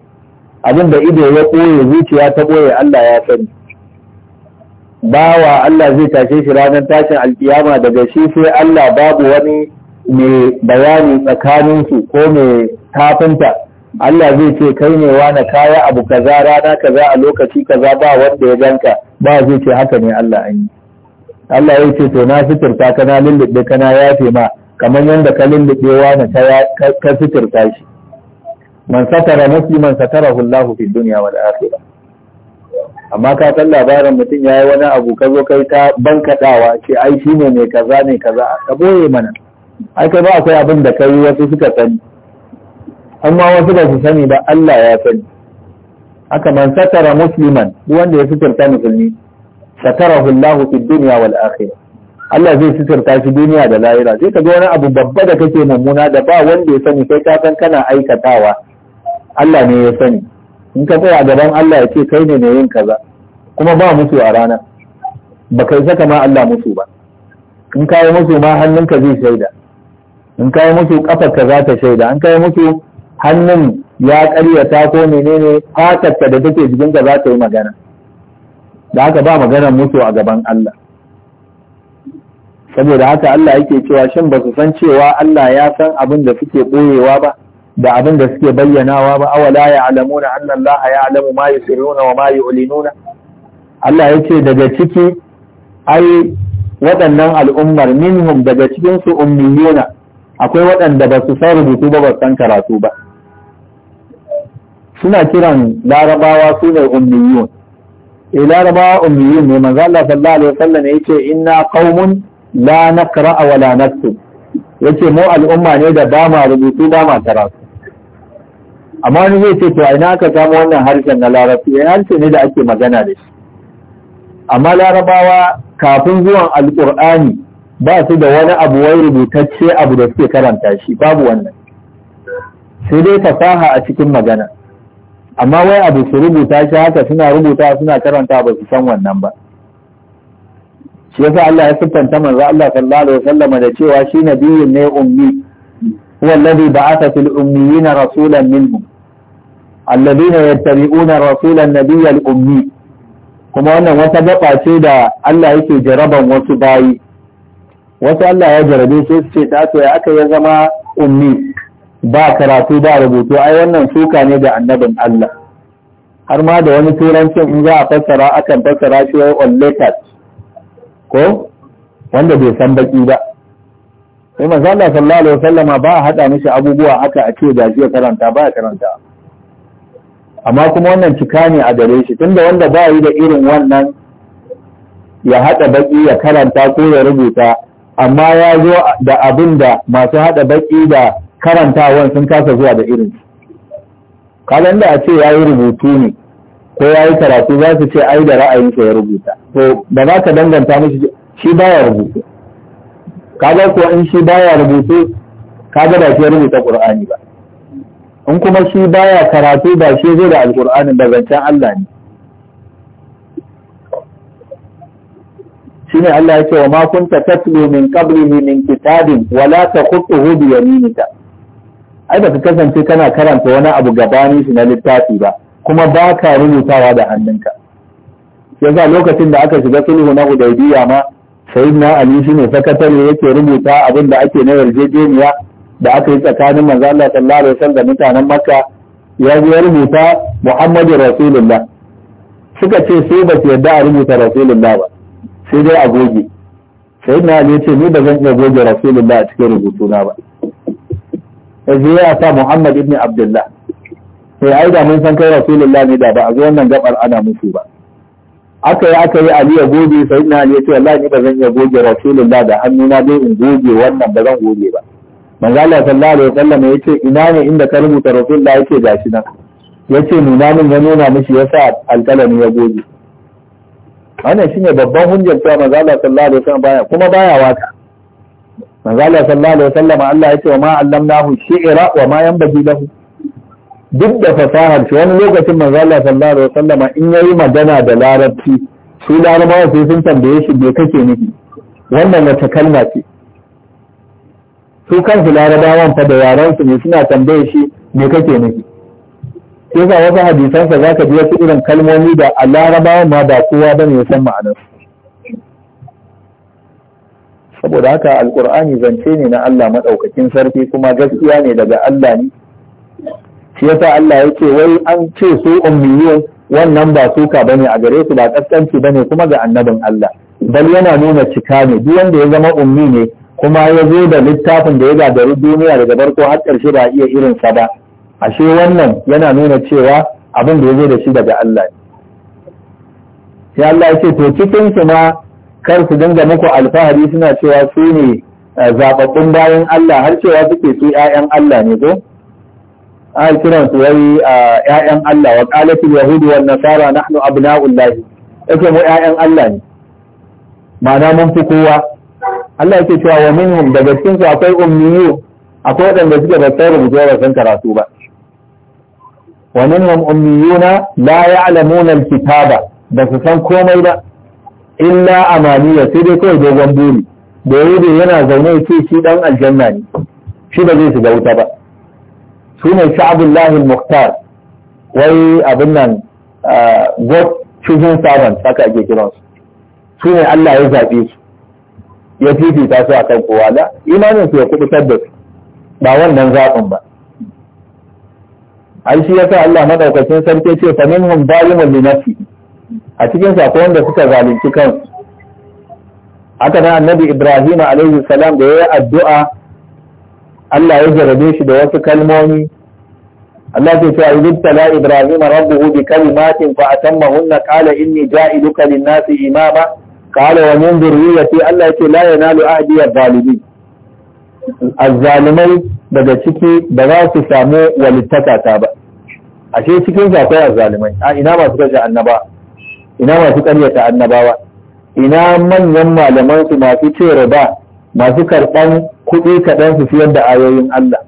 Speaker 1: abin da ido ya ɓoye zuciya ta ɓoye Allah ya sani bawa Allah zai tashe shi ranar tashin alkiyama daga shi sai Allah babu wani mai bayani tsakaninsu ko mai tafinta Allah zai ce kai ne wani kaya abu kaza rana kaza a lokaci kaza ba wanda ya ganka ba zai ce haka ne Allah an yi Allah ya ce to na fitirta ka na lullube ka na yafe ma kamar yadda ka lullube wani ka fitirta shi man satara musliman satara hullahu fi dunya wal akhirah amma ka san labarin mutum yayi wani abu ka zo kai ta bankaɗawa, ce ai shine mai kaza ne kaza ka boye mana ai kai ba akwai abin da kai wasu suka sani amma wasu ba su sani ba Allah ya sani haka man satara musliman duk wanda ya suturta musulmi satarahu Allah fi dunya wal akhirah Allah zai suturta shi duniya da lahira sai ka ga wani abu babba da kake mummuna da ba wanda ya sani kai ka san kana aikatawa Allah ne ya sani in ka tsaya gaban Allah ya ce kai ne mai yin kaza kuma ba musu a rana ba kai saka ma Allah musu ba in kawo musu ma hannunka zai shaida in kai musu kafarka za ta shaida in kai musu hannun ya karyata ko menene fatarka da take jikinka za ta yi magana da haka ba magana musu a gaban Allah saboda haka Allah yake cewa shin ba su san cewa Allah ya san abin da suke boyewa ba da abin da suke bayyanawa ba awala ya'lamuna anna Allah alamu ma yusirruna wa ma yu'linuna Allah ce daga ciki ai waɗannan al'ummar minhum daga cikin su ummiyuna akwai waɗanda ba su san rubutu ba ba san karatu ba suna kiran larabawa su ne ummiyun eh larabawa ummiyun ne manzo Allah sallallahu alaihi wasallam yace inna qaumun la naqra wa la naktub yace mu al'umma ne da ba ma rubutu ba ma karatu amma zai ce to a ina ka samu wannan harshen na larabci ya eh, harshe ne da ake magana da shi amma larabawa kafin zuwan alƙur'ani ba su da wani abu wai rubutacce abu da suke karanta shi babu wannan sai dai fasaha a cikin magana amma wai abu su rubuta shi haka suna rubuta suna karanta ba su san wannan ba shi yasa Allah ya siffanta manzo Allah sallallahu alaihi wasallam da cewa shi nabiyin ne ummi huwa alladhi ba'atha fil ummiyina rasulan minhum alladhina yattabi'una rasulan nabiyyal ummi kuma wannan wata gaba ce da Allah yake jaraban wasu bayi wasu Allah ya jarabe sai su ce ta to ya aka ya zama ummi ba karatu ba rubutu ai wannan suka ne da annabin Allah har ma da wani turancin in za a fassara akan fassara shi wai ollekat ko wanda bai san baki ba sai manzo Allah sallallahu alaihi wasallam ba a hada mishi abubuwa haka a ce gashi ya karanta ba karanta amma kuma wannan cika ne a gare shi tunda wanda ba yi da irin wannan ya hada baki ya karanta ko ya rubuta amma ya zo da abin da masu haɗa baƙi da karantawan sun kasa zuwa da irin kalan da a ce ya yi rubutu ne ko ya yi karatu za su ce ai da ra'ayin ya rubuta to ba za ka danganta mishi shi baya rubutu kaga ko in shi baya rubutu kaga da shi ya rubuta qur'ani ba in kuma shi baya karatu ba shi zai da alqur'ani ba zancen Allah ne shine Allah yake wa ma kunta tatlu min qablihi min kitabin wala taqutuhu bi yaminika ai baka kasance kana karanta wani abu gabani shi na littafi ba kuma ba ka rubutawa da hannunka yasa lokacin da aka shiga sulhu na hudaybiya ma sayyidina ali shine sakatare yake rubuta abin da ake na yarjejeniya da aka yi tsakanin manzo Allah sallallahu alaihi wasallam da mutanen makka ya ya rubuta muhammadu rasulullah suka ce sai ba yarda a rubuta rasulullah ba sai dai a goge sai na ya ce ni ba zan iya goge rasulullah a cikin rubutuna ba ya je ya sa muhammad ibn abdullah sai ai da mun san kai rasulullah ne da ba a zo wannan gabar ana musu ba aka yi aka yi ali ya goge sai na ya ce wallahi ni ba zan iya goge rasulullah da hannuna dai in goge wannan ba zan goge ba manzo Allah sallallahu alaihi wasallam ya ce ina ne inda ka rubuta rasulullah yake gashi nan yace nuna min ya nuna mishi yasa alƙalami ya goge wannan shine babban hujjar cewa manzo Allah sallallahu alaihi wasallam baya kuma baya waka manzo Allah sallallahu alaihi wasallam Allah ya ce wa ma allamnahu shi'ra wa ma yanbaghi lahu duk da fasahar shi wani lokacin manzo Allah sallallahu alaihi wasallam in yayi magana da larabci su larabawa sai sun tambaye shi me kake nufi wannan wata kalma ce su kansu larabawan fa da yaran su ne suna tambaye shi me kake nufi shi yasa wasu hadisansa za ka ji wasu irin kalmomi da a ma ba kowa ba ne ya san ma'anar saboda haka alkur'ani zance ne na Allah maɗaukakin sarki kuma gaskiya ne daga Allah ne shi yasa Allah ya ce wai an ce su ummiyin wannan ba suka bane a gare su ba ba ne kuma ga annabin Allah bal yana nuna cika ne duk wanda ya zama ummi ne kuma ya zo da littafin da ya gagari duniya daga barko har ƙarshe ba iya irin sa ba ashe wannan yana nuna cewa abin da ya zo da shi daga Allah ne sai Allah ya ce to cikin su ma kar su dinga muku alfahari suna cewa su ne eh, zababbun bayan Allah har cewa suke su ƴaƴan Allah ne ko a kiran su wai ƴaƴan eh, Allah wa qalatul yahudu wan nasara nahnu abna'ullahi yake mu ƴaƴan Allah ne ma'ana mun fi kowa Allah yake cewa wa minhum daga cikin su akwai ummiyu akwai waɗanda suke ba sai rubuce ba san karatu ba wa minhum ummiyuna la ya'lamuna al-kitaba ba su san komai ba illa amaniya sai dai kawai dogon buri da yahudu yana zaune ce shi dan aljanna ne shi ba zai shiga wuta ba su ne sha'abullahi muhtar wai abin nan god choosing servant haka ake kiransu su ne Allah ya zaɓe su ya fifita su a akan kowa da imanin su ya kubutar da su ba wannan zaɓin ba ai shi yasa Allah madaukakin sarki ce fa minhum zalimun li nafsi a cikin sako wanda suka zalunci kansu haka nan annabi Ibrahim alaihi salam da yayi addu'a Allah ya jarabe shi da wasu kalmomi Allah ke cewa idan tala Ibrahim rabbuhu bi kalimatin fa atammahunna qala inni ja'iluka lin-nasi imama qala wa min dhurriyyati Allah yake la yanalu ahdi adh-dhalimin azzalimai daga ciki ba za su samu walittakata ba ashe cikin su akwai azzalimai a ina masu kaje annaba ina masu karyata annabawa ina manyan malaman su masu ce riba masu karban kuɗi kaɗan su siyar da ayoyin Allah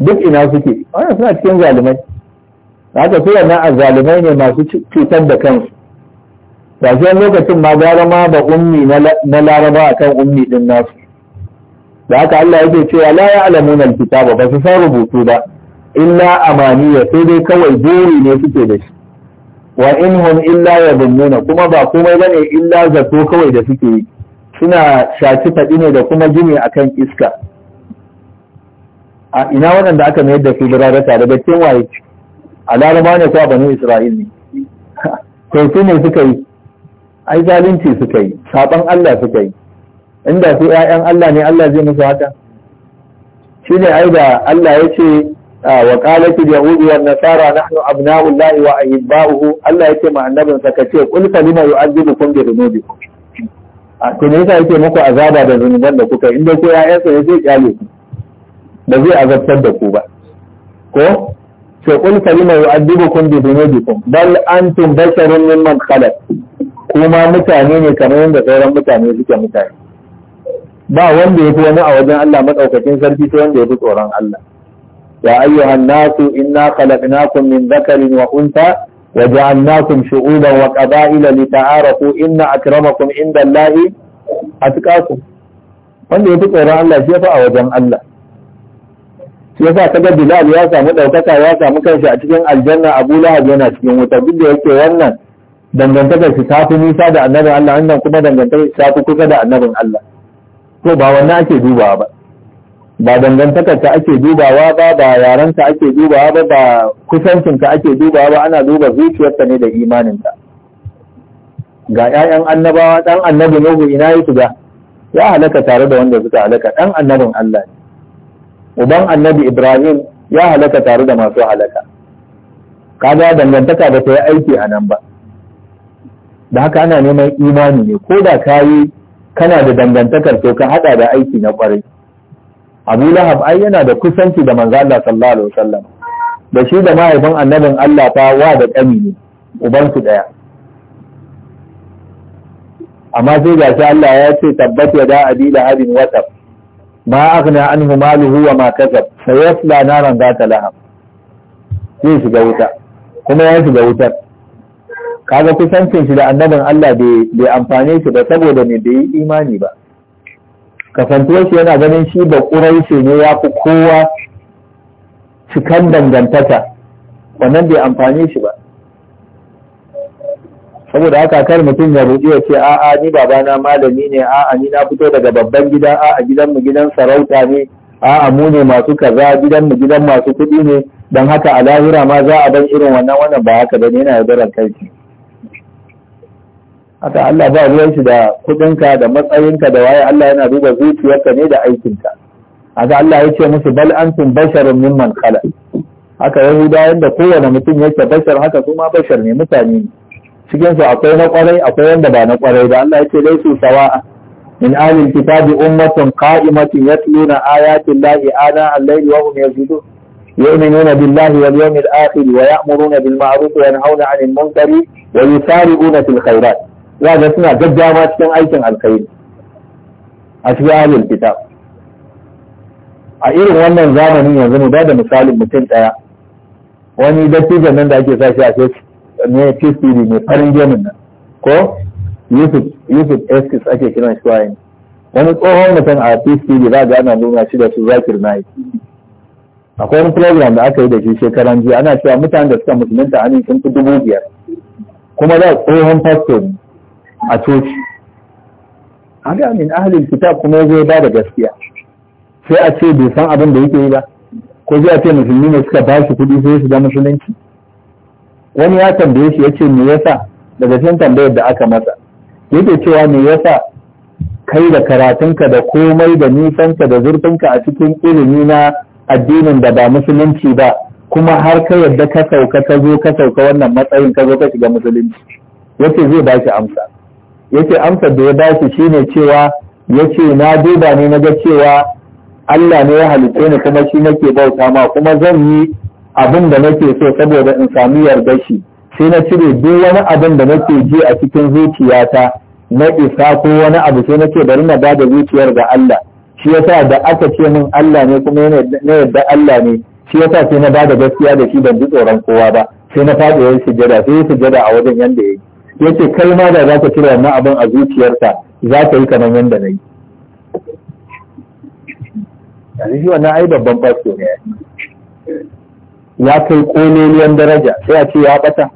Speaker 1: duk ina suke wannan suna cikin zalimai haka su wannan azzalimai ne masu cutar da kansu gashi lokacin ma gara ma ba ummi na laraba akan ummi din nasu da haka Allah yake cewa la ya'lamuna alkitaba ba su san rubutu ba illa amaniya sai dai kawai jeri ne suke da shi wa in hum illa yadhunnuna kuma ba komai bane illa zato kawai da suke yi suna shaci faɗi ne da kuma gini akan iska a ina waɗanda aka mayar da su da tare da cikin waye a ne ko a banu isra'il ne to su ne suka yi ai zalunci suka yi saban Allah suka yi inda su 'ya'yan Allah ne Allah zai musu haka shi ne ai da Allah ya ce wa qalat al-yahud wa an-nasara nahnu abna'u Allah wa ahibba'uhu Allah yake ma annabin sa kace qul fa lima yu'adhibukum bi dhunubikum a to ne yasa yake muku azaba da zunuban da kuka inda ko ya'yan sa zai kyale ku ba zai azabtar da ku ba ko ce qul fa lima yu'adhibukum bi dhunubikum bal antum basharun mimman khalaq kuma mutane ne kamar yadda sauran mutane suke mutane ba wanda ya fi wani a wajen Allah maɗaukacin sarki ta wanda ya fi tsoron Allah يا أيها الناس إنا خلقناكم من ذكر وأنثى وجعلناكم شعوبا وقبائل لتعارفوا إن أكرمكم عند الله أتقاكم wanda ya fi tsoron Allah shi ya fi a wajen Allah shi yasa kaga Bilal ya samu ɗaukaka ya samu kanshi a cikin aljanna Abu Lahab yana cikin wuta duk da yake wannan dangantakar shi ta fi nisa da annabin Allah wannan kuma dangantakar shi ta fi kusa da annabin Allah to ba wannan ake dubawa ba ba dangantakar ka ake dubawa ba ba yaran ka ake dubawa ba ba kusancin ka ake dubawa ba ana duba zuciyarka ne da imanin ka ga ƴaƴan annabawa dan annabi Nuhu ina ya shiga ya halaka tare da wanda suka halaka dan annabin Allah ne uban annabi Ibrahim ya halaka tare da masu halaka kaga dangantaka ba ta yi aiki a nan ba da haka ana neman imani ne ko da kayi kana da dangantakar to ka hada da aiki na kwarai abu lahab ai yana da kusanci da manzo Allah sallallahu alaihi wasallam da shi da mahaifin annabin Allah ta wa da kami ne ubansu daya amma sai ga shi Allah ya ce tabbat ya da abi lahabin wasab ma aghna anhu maluhu wa ma kasab sayasla naran zata lahab zai shiga wuta kuma ya shiga wutar kaga kusancin shi da annabin Allah bai amfane shi ba saboda me bai yi imani ba kasantuwar shi yana ganin shi ba ƙuraishe ne ya fi kowa cikan dangantaka wannan bai amfani shi ba saboda haka kar mutum ya rudi ya ce a'a ni babana malami ne a'a ni na fito daga babban gida a'a gidanmu gidan sarauta ne a'a mu ne masu kaza gidanmu gidan masu kuɗi ne don haka a lahira ma za a bar irin wannan wannan ba haka bane yana yaudarar kai haka Allah ba ruwan shi da kudinka, da matsayinka da waye Allah yana duba zuciyarka ne da aikinka haka Allah ya ce musu bal antum basharun mimman khala haka yahudawan da kowane mutum yake bashar haka kuma bashar ne mutane ne cikin su akwai na kwarai akwai wanda ba na kwarai da Allah ya ce dai su sawa'a min ahlil kitabi ummatun qa'imatun yatluna ayati llahi ana al-layli wa hum yazidun يؤمنون بالله واليوم الآخر ويأمرون بالمعروف وينهون عن المنكر ويسارعون في الخيرات za ga suna gaggawa cikin aikin alkhairi a cikin abin fita. a irin wannan zamanin yanzu mu da misalin mutum ɗaya wani dattijan nan da ake sa shi a cikin ne tisiri ne farin gemin nan ko yusuf yusuf eskis ake kiran shi yin wani tsohon mutum a tisiri za ga ana nuna shi da su zakir na yi. akwai wani program da aka yi da shi shekaran jiya ana cewa mutanen da suka musulunta a sun fi dubu biyar kuma za da tsohon fasto ne a coci aga min ahalin kitab kuma ya zo ya da gaskiya sai a ce bai san abin da yake yi ba ko zai a ce musulmi ne suka ba shi kuɗi sai su da musulunci wani ya tambaye shi ya ce me yasa daga cikin tambayar da aka masa yake cewa me yasa kai da karatunka da komai da nisanka da zurfinka a cikin ilimi na addinin da ba musulunci ba kuma har ka yadda ka sauka ka zo ka sauka wannan matsayin ka zo ka shiga musulunci yace zai ba shi amsa yake amsar da ya dace shine cewa yace na duba ne na ga cewa Allah ne ya halitta ni kuma shi nake bauta ma kuma zan yi abin da nake so saboda in sami yarda shi sai na cire duk wani abin da nake ji a cikin zuciyata na isa ko wani abu sai nake bari na bada zuciyar ga Allah shi yasa da aka ce min Allah ne kuma na yarda Allah ne shi yasa sai na bada gaskiya da shi ban ji tsoron kowa ba sai na faɗi wani sujada sai sujada a wajen yanda yake Ya kai ma da za ka cire wannan abin a zuciyarka za ka yi kamar yadda na yi yanzu shi wannan ai babban fasto ne ya kai kololiyan daraja sai a ce ya ɓata.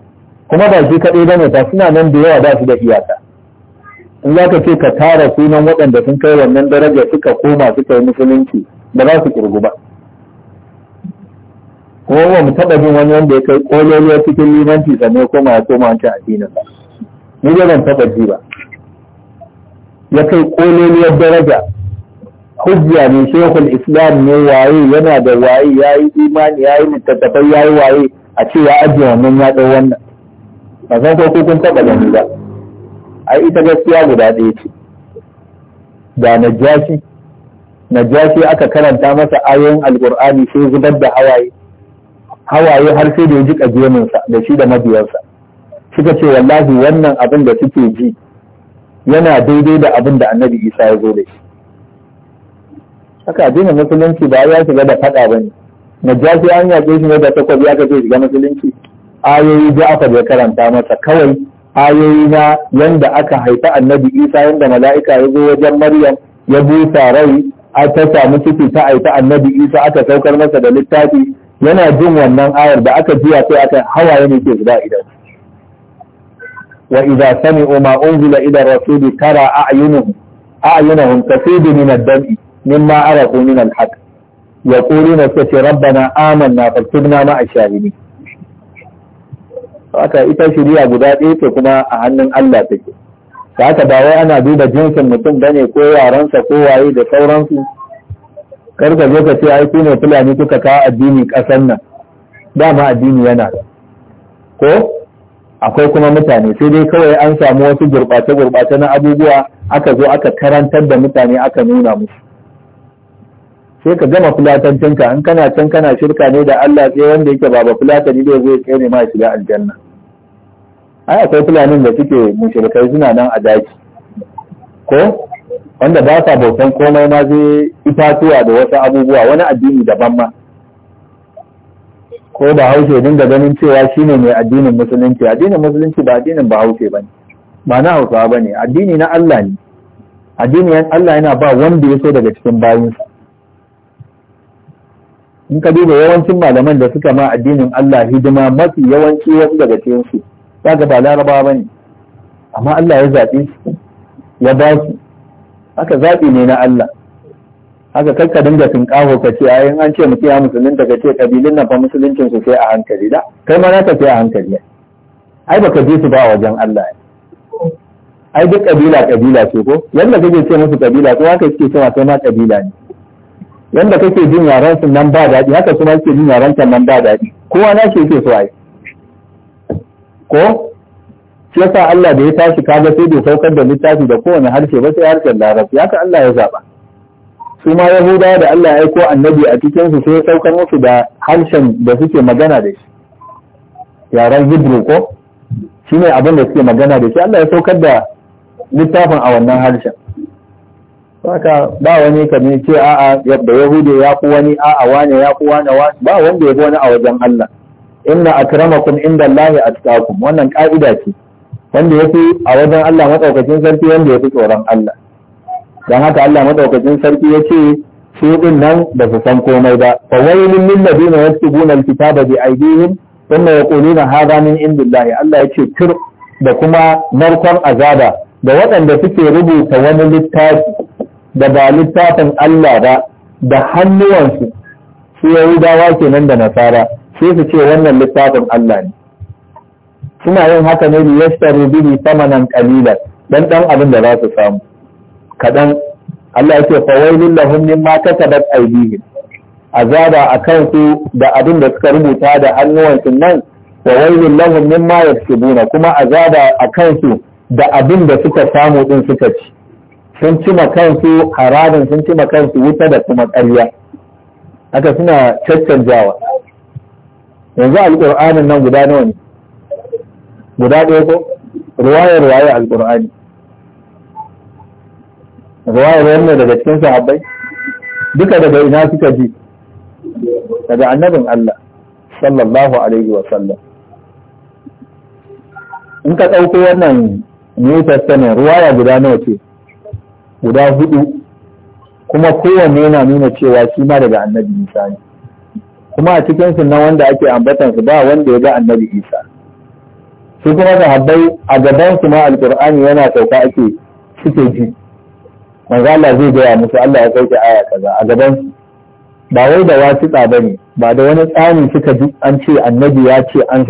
Speaker 1: kuma ba shi kaɗai ba ne, ta suna nan da yawa ba su da iyaka in za ka ce ka tara sunan waɗanda sun kai wannan daraja suka koma suka yi musulunci ba za su ƙirgu ba kuma ba mu taɓa jin wani wanda ya kai kololiyar cikin limanci sannan koma ya koma wancan addinin ba ni ne ban taɓa ji ba ya kai ƙololiyar daraja hujja ne shekul islam ne waye yana da waye ya yi imani ya yi littattafai ya yi waye a ce ya ajiye wannan ya ɗau wannan ba san ko kun taɓa gani ba ai ita gaskiya guda ɗaya ce ga najashi najashi aka karanta masa ayoyin alkur'ani sai zubar da hawaye hawaye har sai da ya ji gemunsa da shi da mabiyansa suka ce wallahi wannan abin da suke ji yana daidai da abin da annabi isa ya zo da shi haka addinin musulunci ba ya shiga da faɗa ba ne jafi an yaƙe shi ne da takwas ya kace shiga musulunci ayoyi da aka bai karanta masa kawai ayoyi na yanda aka haifa annabi isa yanda mala'ika ya zo wajen maryam ya busa rai ta samu ciki ta haifa annabi isa aka saukar masa da littafi yana jin wannan ayar da aka jiya sai aka hawaye ne ke guda idan وإذا سمعوا ما أنزل إلى الرسول ترى أعينهم أعينهم تفيض من الدمع مما عرفوا من الحق يقولون سكي ربنا آمنا فاكتبنا مع الشاهدين haka ita shirya guda ɗaya ce kuma a hannun Allah take da haka ba wai ana duba jinsin mutum bane ko yaransa ko waye da sauransu kar ka zo ka ce ai ku fulani kuka kawo addini ƙasar nan dama addini yana ko akwai kuma mutane sai dai kawai an samu wasu gurɓace-gurɓace na abubuwa aka zo aka karantar da mutane aka nuna musu sai ka gama fulatancinka in kana can kana shirka ne da Allah sai wanda yake baba fulatani zai zo ya tsere ma shiga aljanna ai akwai fulanin da suke mushrikai suna nan a daki ko wanda ba sa bautan komai ma zai itatuwa da wasu abubuwa wani addini daban ma ko bahaushe dinga ganin cewa shi ne mai addinin musulunci addinin musulunci ba addinin bahaushe ne. ba na hausawa bane addini na Allah ne addinin Allah yana ba wanda ya so daga cikin bayinsa in ka duba yawancin malaman da suka ma addinin Allah hidima mafi yawanci wasu daga cikin su ba larabawa ne. amma Allah ya zaɓe su ya ba su haka zaɓi ne na Allah haka kakka dinga tinkaho ka ce ayin an ce mutum ya musulun daga ce kabilin nan fa musuluncin su sai a hankali da kai ma naka sai a hankali ai baka je su ba wajen Allah ai duk kabila kabila ce ko yanda kake ce musu kabila ko haka suke cewa kai ma kabila ne yanda kake jin yaran su nan ba daɗi haka su ma suke jin yaran ta nan ba daɗi kowa na ke yake su ai ko shi yasa Allah da ya tashi kaga sai bai saukar da littafi da kowane harshe ba sai harshen larabci haka Allah ya zaba su ma yahudawa da Allah ya aiko annabi a cikin su sai saukar musu da harshen da suke magana da shi Yaran hebrew ko shine abin da suke magana da shi Allah ya saukar da littafin a wannan harshen haka ba wani ka ne ce a'a yadda yahudi ya ku wani a'a wane ya ku wane ba wanda ya ku wani a wajen Allah inna akramakum inda atqakum wannan ka'ida ce wanda yafi a wajen Allah madaukakin sarki wanda yafi tsoron Allah don haka Allah madaukakin sarki ya ce su din nan ba su san komai ba fa wailun lil ladina yaktubuna alkitaba bi aydihim thumma yaquluna hadha min indillahi Allah ya ce tur da kuma narkon azaba da waɗanda suke rubuta wani littafi da ba littafin Allah ba da hannuwansu su Yahudawa kenan da Nasara sai su ce wannan littafin Allah ne suna yin haka ne biri sama nan qalilan dan ɗan abin da za su samu kaɗan Allah yake fawailun lahum mimma kasabat aydihim azaba akan su da abin da suka rubuta da hannuwansu nan fawailun lahum mimma yaksubuna kuma azaba akan su da abin da suka samu din suka ci sun cima kansu hararin sun cima kansu wuta da kuma ƙarya haka suna caccanjawa yanzu alƙur'anin nan guda nawa ne guda ɗaya ko ruwayar ruwayar alƙur'ani ruwayar ne daga cikin sahabbai duka daga ina suka ji daga annabin Allah sallallahu alaihi wa sallam in ka ɗauko wannan New Testament ruwaya guda nawa ce guda hudu kuma kowanne yana nuna cewa shi ma daga annabi Isa ne kuma a cikin su na wanda ake ambatan su ba wanda ya ga annabi Isa su kuma sahabbai a gaban su ma Alkur'ani yana sauka ake suke ji manzo Allah zai gaya musu Allah ya sauke aya kaza a gaban ba wai da wasiƙa bane ba da wani tsamin suka ji an ce annabi ya ce an